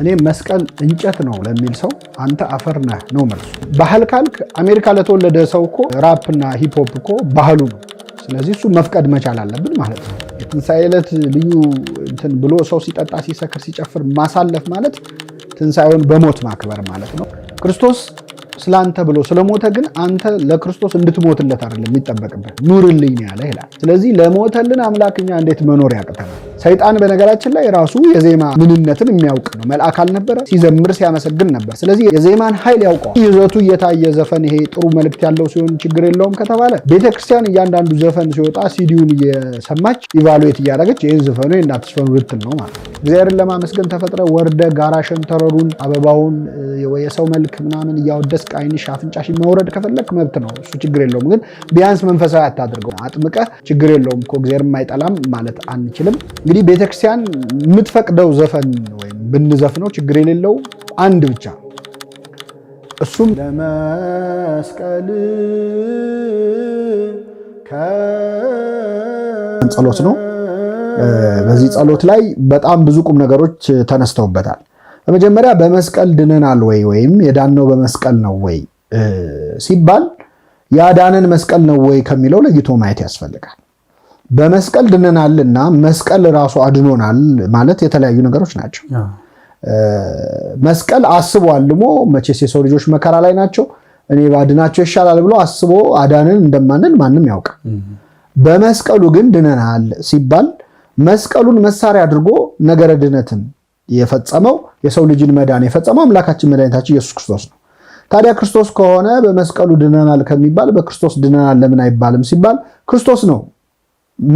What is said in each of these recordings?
እኔ መስቀል እንጨት ነው ለሚል ሰው አንተ አፈር ነህ ነው መልሱ። ባህል ካልክ አሜሪካ ለተወለደ ሰው እኮ ራፕና ሂፕሆፕ እኮ ባህሉ ነው። ስለዚህ እሱ መፍቀድ መቻል አለብን ማለት ነው። የትንሣኤ ዕለት ልዩ እንትን ብሎ ሰው ሲጠጣ፣ ሲሰክር፣ ሲጨፍር ማሳለፍ ማለት ትንሣኤውን በሞት ማክበር ማለት ነው ክርስቶስ ስለ አንተ ብሎ ስለሞተ ግን አንተ ለክርስቶስ እንድትሞትለት አይደለም የሚጠበቅበት ኑርልኝ ያለ ይላል። ስለዚህ ለሞተልን አምላክኛ እንዴት መኖር ያቅተናል? ሰይጣን በነገራችን ላይ ራሱ የዜማ ምንነትን የሚያውቅ ነው። መልአክ አልነበረ ሲዘምር ሲያመሰግን ነበር። ስለዚህ የዜማን ኃይል ያውቀዋል። ይዘቱ እየታየ ዘፈን ይሄ ጥሩ መልእክት ያለው ሲሆን ችግር የለውም ከተባለ ቤተ ክርስቲያን እያንዳንዱ ዘፈን ሲወጣ ሲዲውን እየሰማች ኢቫሉዌት እያደረገች ይህን ዘፈኑ እናትስፈኑ ልትል ነው ማለት ነው። እግዚአብሔርን ለማመስገን ተፈጥረ ወርደ ጋራ ሸንተረሩን አበባውን የሰው መልክ ምናምን እያወደስ ከፈለክ አይንሽ አፍንጫሽ መውረድ ከፈለግ መብት ነው፣ እሱ ችግር የለውም። ግን ቢያንስ መንፈሳዊ አታድርገው፣ አጥምቀ ችግር የለውም እኮ እግዚአብሔር ማለት አንችልም። እንግዲህ ቤተክርስቲያን የምትፈቅደው ዘፈን ወይም ብንዘፍነው ችግር የሌለው አንድ ብቻ እሱም ለመስቀል ጸሎት ነው። በዚህ ጸሎት ላይ በጣም ብዙ ቁም ነገሮች ተነስተውበታል። በመጀመሪያ በመስቀል ድነናል ወይ ወይም የዳነው በመስቀል ነው ወይ ሲባል ያዳነን መስቀል ነው ወይ ከሚለው ለይቶ ማየት ያስፈልጋል። በመስቀል እና መስቀል ራሱ አድኖናል ማለት የተለያዩ ነገሮች ናቸው። መስቀል አስቦ አልሞ መቼስ የሰው ልጆች መከራ ላይ ናቸው፣ እኔ ባድናቸው ይሻላል ብሎ አስቦ አዳንን እንደማንን ማንም ያውቃል። በመስቀሉ ግን ድነናል ሲባል መስቀሉን መሳሪያ አድርጎ ነገረ ድነትን የፈጸመው የሰው ልጅን መዳን የፈጸመው አምላካችን መድኃኒታችን ኢየሱስ ክርስቶስ ነው። ታዲያ ክርስቶስ ከሆነ በመስቀሉ ድነናል ከሚባል በክርስቶስ ድነናል ለምን አይባልም ሲባል ክርስቶስ ነው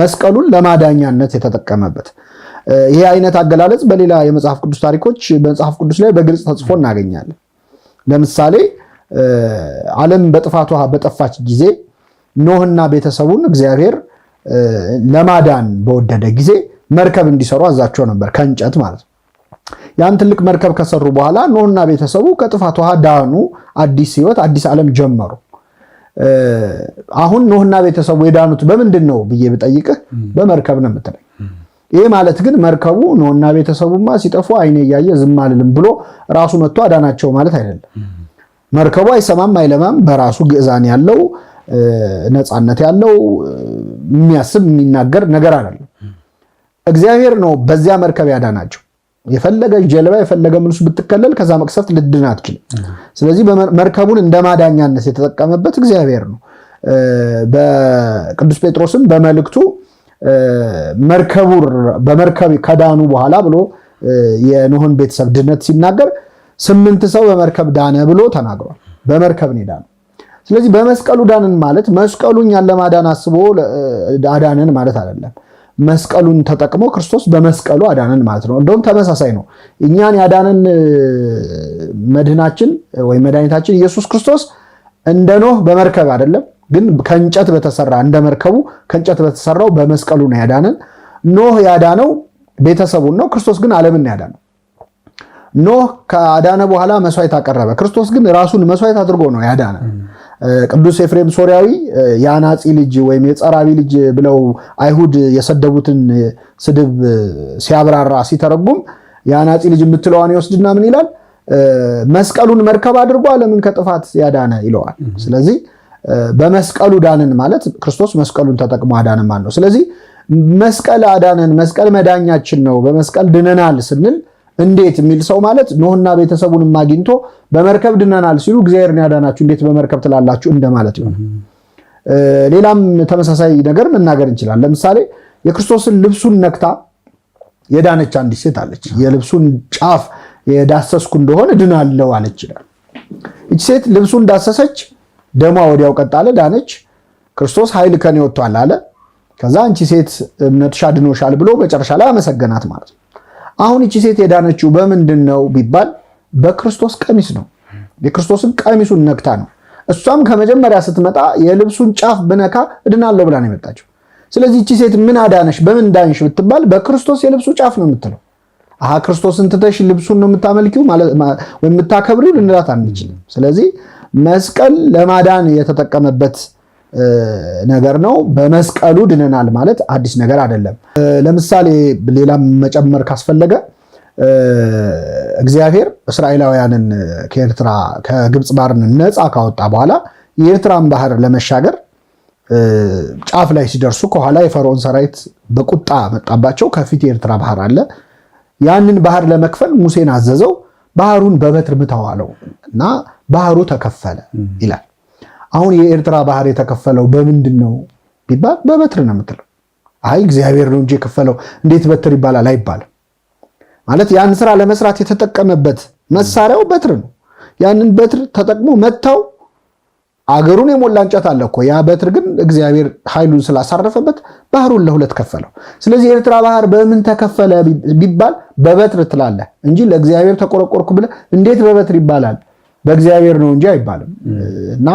መስቀሉን ለማዳኛነት የተጠቀመበት። ይህ አይነት አገላለጽ በሌላ የመጽሐፍ ቅዱስ ታሪኮች በመጽሐፍ ቅዱስ ላይ በግልጽ ተጽፎ እናገኛለን። ለምሳሌ ዓለም በጥፋቷ በጠፋች ጊዜ ኖህና ቤተሰቡን እግዚአብሔር ለማዳን በወደደ ጊዜ መርከብ እንዲሰሩ አዛቸው ነበር ከእንጨት ማለት ነው። ያን ትልቅ መርከብ ከሰሩ በኋላ ኖህና ቤተሰቡ ከጥፋት ውሃ ዳኑ፣ አዲስ ህይወት፣ አዲስ ዓለም ጀመሩ። አሁን ኖህና ቤተሰቡ የዳኑት በምንድን ነው ብዬ ብጠይቅህ በመርከብ ነው የምትለኝ። ይህ ማለት ግን መርከቡ ኖህና ቤተሰቡማ ሲጠፉ አይኔ እያየ ዝም አልልም ብሎ ራሱ መጥቶ አዳናቸው ማለት አይደለም። መርከቡ አይሰማም አይለማም፣ በራሱ ግዕዛን ያለው ነፃነት ያለው የሚያስብ የሚናገር ነገር አይደለም። እግዚአብሔር ነው በዚያ መርከብ ያዳናቸው። የፈለገ ጀልባ የፈለገ ምንሱ ብትከለል ከዛ መቅሰፍት ልድን አትችልም። ስለዚህ መርከቡን እንደ ማዳኛነት የተጠቀመበት እግዚአብሔር ነው። በቅዱስ ጴጥሮስም በመልእክቱ መርከቡ በመርከብ ከዳኑ በኋላ ብሎ የኖህን ቤተሰብ ድነት ሲናገር ስምንት ሰው በመርከብ ዳነ ብሎ ተናግሯል። በመርከብ ነው የዳነው። ስለዚህ በመስቀሉ ዳንን ማለት መስቀሉ እኛን ለማዳን አስቦ አዳንን ማለት አይደለም። መስቀሉን ተጠቅሞ ክርስቶስ በመስቀሉ አዳነን ማለት ነው። እንደውም ተመሳሳይ ነው። እኛን ያዳነን መድህናችን ወይም መድኃኒታችን ኢየሱስ ክርስቶስ እንደ ኖህ በመርከብ አይደለም፣ ግን ከእንጨት በተሰራ እንደ መርከቡ ከእንጨት በተሰራው በመስቀሉ ነው ያዳነን። ኖህ ያዳነው ቤተሰቡን ነው። ክርስቶስ ግን ዓለምን ያዳነው። ኖህ ከአዳነ በኋላ መስዋዕት አቀረበ። ክርስቶስ ግን ራሱን መስዋዕት አድርጎ ነው ያዳነ። ቅዱስ ኤፍሬም ሶሪያዊ የአናጺ ልጅ ወይም የጸራቢ ልጅ ብለው አይሁድ የሰደቡትን ስድብ ሲያብራራ ሲተረጉም የአናጺ ልጅ የምትለዋን ይወስድና ምን ይላል? መስቀሉን መርከብ አድርጎ ዓለምን ከጥፋት ያዳነ ይለዋል። ስለዚህ በመስቀሉ ዳንን ማለት ክርስቶስ መስቀሉን ተጠቅሞ አዳነን ማለት ነው። ስለዚህ መስቀል አዳነን፣ መስቀል መዳኛችን ነው፣ በመስቀል ድነናል ስንል እንዴት የሚል ሰው ማለት ኖህና ቤተሰቡንም አግኝቶ በመርከብ ድነናል ሲሉ እግዚአብሔርን ያዳናችሁ እንዴት በመርከብ ትላላችሁ እንደማለት ይሆነ። ሌላም ተመሳሳይ ነገር መናገር እንችላለን። ለምሳሌ የክርስቶስን ልብሱን ነክታ የዳነች አንዲት ሴት አለች። የልብሱን ጫፍ የዳሰስኩ እንደሆነ ድናለው አለች ይላል። እች ሴት ልብሱን ዳሰሰች፣ ደሟ ወዲያው ቀጣለ፣ ዳነች። ክርስቶስ ኃይል ከኔ ወጥቷል አለ። ከዛ አንቺ ሴት እምነትሽ አድኖሻል ብሎ መጨረሻ ላይ አመሰገናት ማለት ነው። አሁን እቺ ሴት የዳነችው በምንድን ነው ቢባል በክርስቶስ ቀሚስ ነው። የክርስቶስን ቀሚሱን ነክታ ነው። እሷም ከመጀመሪያ ስትመጣ የልብሱን ጫፍ ብነካ እድናለሁ ብላ ነው የመጣችው። ስለዚህ ይቺ ሴት ምን አዳነሽ፣ በምን ዳንሽ ብትባል በክርስቶስ የልብሱ ጫፍ ነው የምትለው። አሀ ክርስቶስን ትተሽ ልብሱን ነው የምታመልኪው ወይም የምታከብሪው ልንላት አንችልም። ስለዚህ መስቀል ለማዳን የተጠቀመበት ነገር ነው። በመስቀሉ ድነናል ማለት አዲስ ነገር አይደለም። ለምሳሌ ሌላም መጨመር ካስፈለገ እግዚአብሔር እስራኤላውያንን ከኤርትራ ከግብፅ ባርን ነፃ ካወጣ በኋላ የኤርትራን ባህር ለመሻገር ጫፍ ላይ ሲደርሱ ከኋላ የፈርዖን ሰራዊት በቁጣ መጣባቸው። ከፊት የኤርትራ ባህር አለ። ያንን ባህር ለመክፈል ሙሴን አዘዘው። ባህሩን በበትር ምታው አለው እና ባህሩ ተከፈለ ይላል። አሁን የኤርትራ ባህር የተከፈለው በምንድን ነው ቢባል በበትር ነው የምትለው። አይ እግዚአብሔር ነው እንጂ የከፈለው እንዴት በትር ይባላል አይባልም። ማለት ያን ስራ ለመስራት የተጠቀመበት መሳሪያው በትር ነው። ያንን በትር ተጠቅሞ መጥተው አገሩን የሞላ እንጨት አለ እኮ። ያ በትር ግን እግዚአብሔር ኃይሉን ስላሳረፈበት ባህሩን ለሁለት ከፈለው። ስለዚህ የኤርትራ ባህር በምን ተከፈለ ቢባል በበትር ትላለህ እንጂ ለእግዚአብሔር ተቆረቆርኩ ብለ እንዴት በበትር ይባላል በእግዚአብሔር ነው እንጂ አይባልም እና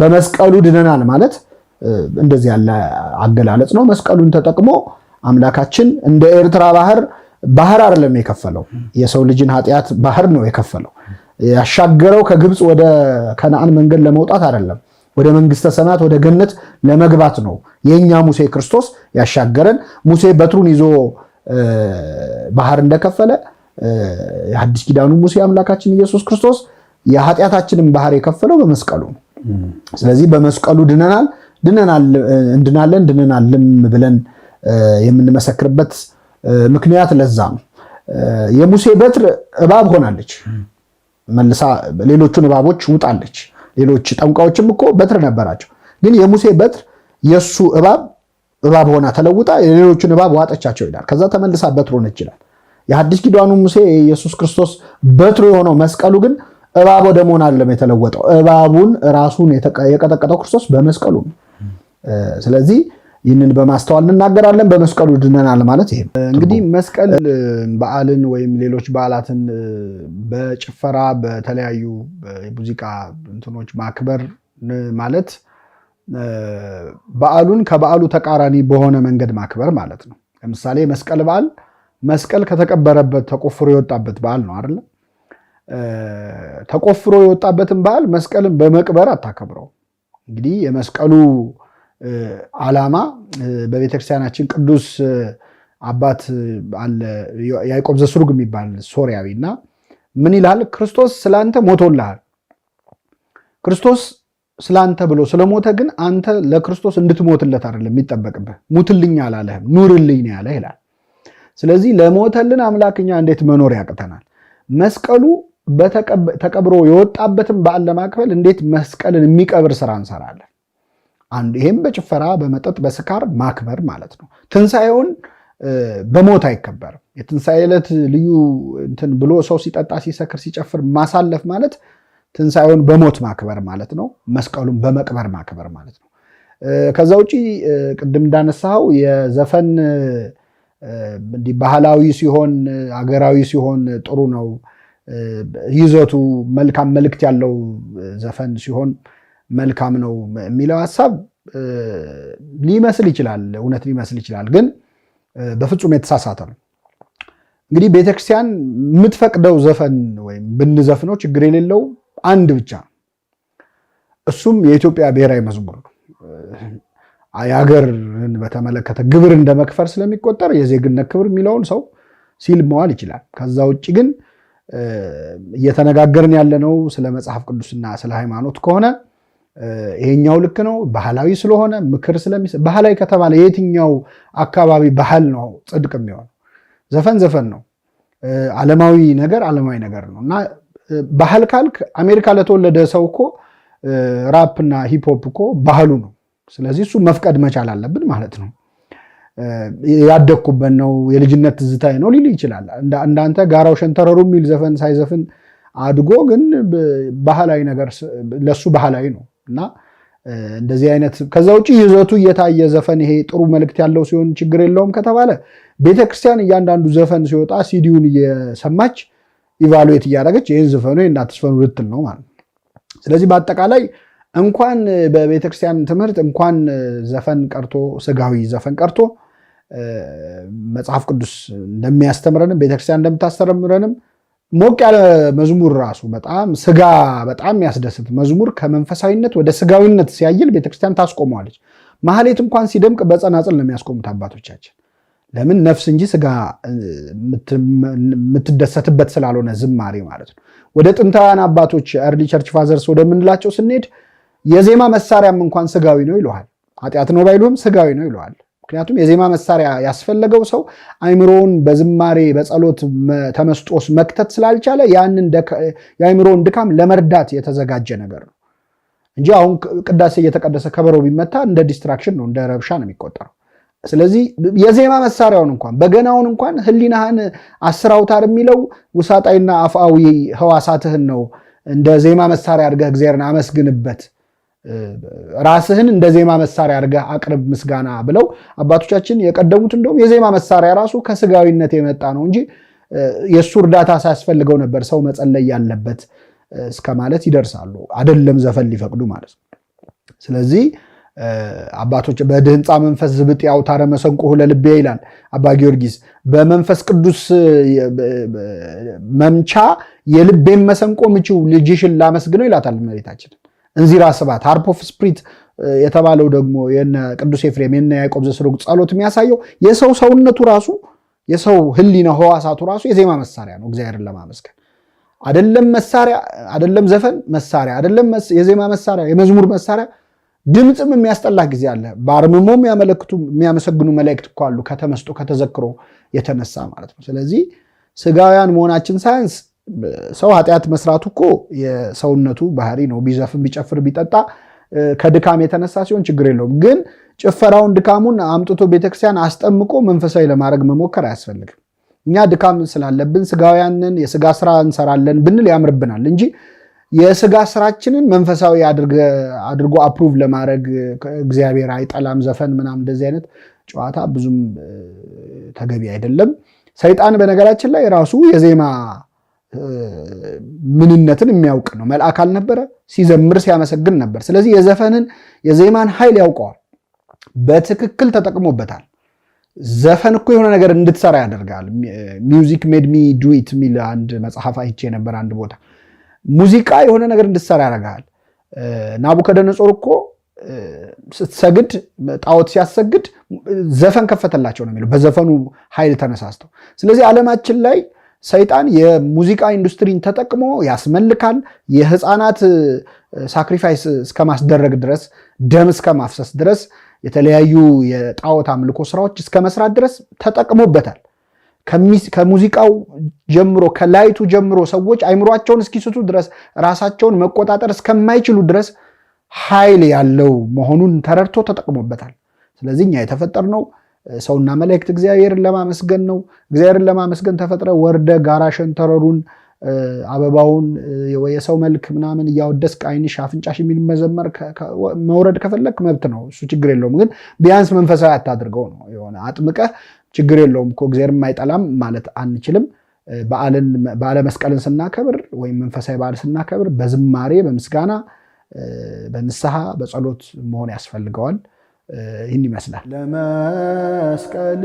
በመስቀሉ ድነናል ማለት እንደዚህ ያለ አገላለጽ ነው። መስቀሉን ተጠቅሞ አምላካችን እንደ ኤርትራ ባህር ባህር አይደለም የከፈለው፣ የሰው ልጅን ኃጢአት ባህር ነው የከፈለው። ያሻገረው ከግብፅ ወደ ከነአን መንገድ ለመውጣት አይደለም፣ ወደ መንግስተ ሰማያት ወደ ገነት ለመግባት ነው። የእኛ ሙሴ ክርስቶስ ያሻገረን ሙሴ በትሩን ይዞ ባህር እንደከፈለ የአዲስ ኪዳኑ ሙሴ አምላካችን ኢየሱስ ክርስቶስ የኃጢአታችንን ባህር የከፈለው በመስቀሉ ነው። ስለዚህ በመስቀሉ ድነናል እንድናለን ድነናልም ብለን የምንመሰክርበት ምክንያት ለዛ ነው። የሙሴ በትር እባብ ሆናለች፣ መልሳ ሌሎቹን እባቦች ውጣለች። ሌሎች ጠንቋዎችም እኮ በትር ነበራቸው፣ ግን የሙሴ በትር የእሱ እባብ እባብ ሆና ተለውጣ የሌሎቹን እባብ ዋጠቻቸው ይላል። ከዛ ተመልሳ በትር ሆነች ይላል። የሐዲስ ኪዳኑ ሙሴ የኢየሱስ ክርስቶስ በትሩ የሆነው መስቀሉ ግን እባብ ወደ መሆን አለም የተለወጠው እባቡን ራሱን የቀጠቀጠው ክርስቶስ በመስቀሉ ነው። ስለዚህ ይህንን በማስተዋል እንናገራለን። በመስቀሉ ድነናል ማለት ይሄ እንግዲህ መስቀል በዓልን ወይም ሌሎች በዓላትን በጭፈራ በተለያዩ የሙዚቃ እንትኖች ማክበር ማለት በዓሉን ከበዓሉ ተቃራኒ በሆነ መንገድ ማክበር ማለት ነው። ለምሳሌ መስቀል በዓል መስቀል ከተቀበረበት ተቆፍሮ የወጣበት በዓል ነው አይደለም ተቆፍሮ የወጣበትን በዓል መስቀልን በመቅበር አታከብረው። እንግዲህ የመስቀሉ ዓላማ በቤተክርስቲያናችን ቅዱስ አባት አለ ያዕቆብ ዘስሩግ የሚባል ሶሪያዊ እና ምን ይላል? ክርስቶስ ስለአንተ ሞቶልሃል። ክርስቶስ ስለአንተ ብሎ ስለሞተ ግን አንተ ለክርስቶስ እንድትሞትለት አይደለም የሚጠበቅብህ። ሙትልኝ አላለህም፣ ኑርልኝ ነው ያለህ ይላል። ስለዚህ ለሞተልን አምላክኛ እንዴት መኖር ያቅተናል? መስቀሉ ተቀብሮ የወጣበትን በዓል ለማክበል እንዴት መስቀልን የሚቀብር ስራ እንሰራለን? አንዱ ይሄም በጭፈራ በመጠጥ በስካር ማክበር ማለት ነው። ትንሣኤውን በሞት አይከበርም። የትንሣኤ ዕለት ልዩ እንትን ብሎ ሰው ሲጠጣ ሲሰክር ሲጨፍር ማሳለፍ ማለት ትንሣኤውን በሞት ማክበር ማለት ነው። መስቀሉን በመቅበር ማክበር ማለት ነው። ከዛ ውጪ ቅድም እንዳነሳው የዘፈን ባህላዊ ሲሆን አገራዊ ሲሆን ጥሩ ነው። ይዘቱ መልካም መልእክት ያለው ዘፈን ሲሆን መልካም ነው የሚለው ሀሳብ ሊመስል ይችላል፣ እውነት ሊመስል ይችላል፣ ግን በፍጹም የተሳሳተ ነው። እንግዲህ ቤተክርስቲያን የምትፈቅደው ዘፈን ወይም ብንዘፍነው ችግር የሌለው አንድ ብቻ ነው። እሱም የኢትዮጵያ ብሔራዊ መዝሙር ነው። የሀገርን በተመለከተ ግብር እንደመክፈር ስለሚቆጠር የዜግነት ክብር የሚለውን ሰው ሲል መዋል ይችላል። ከዛ ውጭ ግን እየተነጋገርን ያለነው ስለ መጽሐፍ ቅዱስና ስለ ሃይማኖት ከሆነ ይሄኛው ልክ ነው። ባህላዊ ስለሆነ ምክር ስለሚስ ባህላዊ ከተባለ የትኛው አካባቢ ባህል ነው ጽድቅ የሚሆነው? ዘፈን ዘፈን ነው፣ ዓለማዊ ነገር ዓለማዊ ነገር ነው እና ባህል ካልክ አሜሪካ ለተወለደ ሰው እኮ ራፕና ሂፕሆፕ እኮ ባህሉ ነው። ስለዚህ እሱ መፍቀድ መቻል አለብን ማለት ነው። ያደግኩበት ነው የልጅነት ትዝታዬ ነው ሊል ይችላል። እንዳንተ ጋራው ሸንተረሩ የሚል ዘፈን ሳይዘፍን አድጎ ግን ባህላዊ ነገር ለሱ ባህላዊ ነው እና እንደዚህ አይነት ከዛ ውጭ ይዘቱ እየታየ ዘፈን ይሄ ጥሩ መልእክት ያለው ሲሆን ችግር የለውም ከተባለ ቤተክርስቲያን እያንዳንዱ ዘፈን ሲወጣ ሲዲውን እየሰማች ኢቫሉዌት እያደረገች ይህን ዘፈኑ እንዳትስፈኑ ልትል ነው ማለት ነው። ስለዚህ በአጠቃላይ እንኳን በቤተክርስቲያን ትምህርት እንኳን ዘፈን ቀርቶ ስጋዊ ዘፈን ቀርቶ መጽሐፍ ቅዱስ እንደሚያስተምረንም ቤተክርስቲያን እንደምታስተምረንም ሞቅ ያለ መዝሙር ራሱ በጣም ስጋ በጣም የሚያስደስት መዝሙር ከመንፈሳዊነት ወደ ስጋዊነት ሲያይል ቤተክርስቲያን ታስቆመዋለች። ማህሌት እንኳን ሲደምቅ በጸናጽል ነው የሚያስቆሙት አባቶቻችን። ለምን ነፍስ እንጂ ስጋ የምትደሰትበት ስላልሆነ ዝማሬ ማለት ነው። ወደ ጥንታውያን አባቶች ኤርሊ ቸርች ፋዘርስ ወደምንላቸው ስንሄድ የዜማ መሳሪያም እንኳን ስጋዊ ነው ይለዋል። ኃጢአት ነው ባይሉም ስጋዊ ነው ይለዋል። ምክንያቱም የዜማ መሳሪያ ያስፈለገው ሰው አይምሮውን በዝማሬ በጸሎት ተመስጦስ መክተት ስላልቻለ ያንን የአይምሮውን ድካም ለመርዳት የተዘጋጀ ነገር ነው እንጂ አሁን ቅዳሴ እየተቀደሰ ከበሮ ቢመታ እንደ ዲስትራክሽን ነው፣ እንደ ረብሻ ነው የሚቆጠረው። ስለዚህ የዜማ መሳሪያውን እንኳን በገናውን እንኳን ህሊናህን አስራውታር የሚለው ውሳጣዊና አፍአዊ ህዋሳትህን ነው እንደ ዜማ መሳሪያ አድርገህ እግዚአብሔርን አመስግንበት ራስህን እንደ ዜማ መሳሪያ አድርገህ አቅርብ ምስጋና ብለው አባቶቻችን የቀደሙት እንደውም የዜማ መሳሪያ ራሱ ከስጋዊነት የመጣ ነው እንጂ የእሱ እርዳታ ሳያስፈልገው ነበር ሰው መጸለይ ያለበት እስከ ማለት ይደርሳሉ። አደለም ዘፈን ሊፈቅዱ ማለት ነው። ስለዚህ አባቶች በድህንፃ መንፈስ ዝብጥ ያውታረ መሰንቆሁ ለልቤ ይላል አባ ጊዮርጊስ። በመንፈስ ቅዱስ መምቻ የልቤን መሰንቆ ምችው ልጅሽን ላመስግነው ይላታል እመቤታችንን። እንዚራ ስባት ሃርፕ ኦፍ ስፕሪት የተባለው ደግሞ የነ ቅዱስ ኤፍሬም የነ ያዕቆብ ዘስሩግ ጸሎት የሚያሳየው የሰው ሰውነቱ ራሱ የሰው ህሊና ህዋሳቱ ራሱ የዜማ መሳሪያ ነው እግዚአብሔርን ለማመስገን አደለም መሳሪያ አደለም ዘፈን መሳሪያ አደለም የዜማ መሳሪያ የመዝሙር መሳሪያ ድምፅም የሚያስጠላ ጊዜ አለ። በአርምሞ የሚያመለክቱ የሚያመሰግኑ መላእክት እኮ አሉ ከተመስጦ ከተዘክሮ የተነሳ ማለት ነው። ስለዚህ ስጋውያን መሆናችን ሳያንስ ሰው ኃጢአት መስራቱ እኮ የሰውነቱ ባህሪ ነው። ቢዘፍን ቢጨፍር ቢጠጣ ከድካም የተነሳ ሲሆን ችግር የለውም። ግን ጭፈራውን ድካሙን አምጥቶ ቤተክርስቲያን አስጠምቆ መንፈሳዊ ለማድረግ መሞከር አያስፈልግም። እኛ ድካም ስላለብን ስጋውያንን የስጋ ስራ እንሰራለን ብንል ያምርብናል እንጂ የስጋ ስራችንን መንፈሳዊ አድርጎ አፕሩቭ ለማድረግ እግዚአብሔር አይጠላም። ዘፈን ምናምን እንደዚህ አይነት ጨዋታ ብዙም ተገቢ አይደለም። ሰይጣን በነገራችን ላይ ራሱ የዜማ ምንነትን የሚያውቅ ነው። መልአክ አልነበረ? ሲዘምር ሲያመሰግን ነበር። ስለዚህ የዘፈንን የዜማን ኃይል ያውቀዋል። በትክክል ተጠቅሞበታል። ዘፈን እኮ የሆነ ነገር እንድትሰራ ያደርጋል። ሚውዚክ ሜድ ሚ ዱዊት የሚል አንድ መጽሐፍ አይቼ ነበር አንድ ቦታ። ሙዚቃ የሆነ ነገር እንድትሰራ ያደርጋል። ናቡከደነጾር እኮ ስትሰግድ ጣዖት ሲያሰግድ ዘፈን ከፈተላቸው ነው የሚለው በዘፈኑ ኃይል ተነሳስተው። ስለዚህ ዓለማችን ላይ ሰይጣን የሙዚቃ ኢንዱስትሪን ተጠቅሞ ያስመልካል። የህፃናት ሳክሪፋይስ እስከማስደረግ ድረስ ደም እስከማፍሰስ ድረስ የተለያዩ የጣዖት አምልኮ ስራዎች እስከ መስራት ድረስ ተጠቅሞበታል። ከሙዚቃው ጀምሮ ከላይቱ ጀምሮ ሰዎች አይምሯቸውን እስኪስቱ ድረስ ራሳቸውን መቆጣጠር እስከማይችሉ ድረስ ኃይል ያለው መሆኑን ተረድቶ ተጠቅሞበታል። ስለዚህ እኛ የተፈጠርነው ሰውና መላእክት እግዚአብሔርን ለማመስገን ነው። እግዚአብሔርን ለማመስገን ተፈጥረ ወርደ ጋራ ሸንተረሩን አበባውን የሰው መልክ ምናምን እያወደስክ ዓይንሽ አፍንጫሽ የሚል መዘመር መውረድ ከፈለግ መብት ነው። እሱ ችግር የለውም። ግን ቢያንስ መንፈሳዊ አታድርገው ነው የሆነ አጥምቀህ ችግር የለውም እኮ እግዚአብሔር የማይጠላም ማለት አንችልም። በዓለ መስቀልን ስናከብር ወይም መንፈሳዊ በዓል ስናከብር በዝማሬ በምስጋና በንስሐ በጸሎት መሆን ያስፈልገዋል። ይህን ይመስላል። ለመስቀል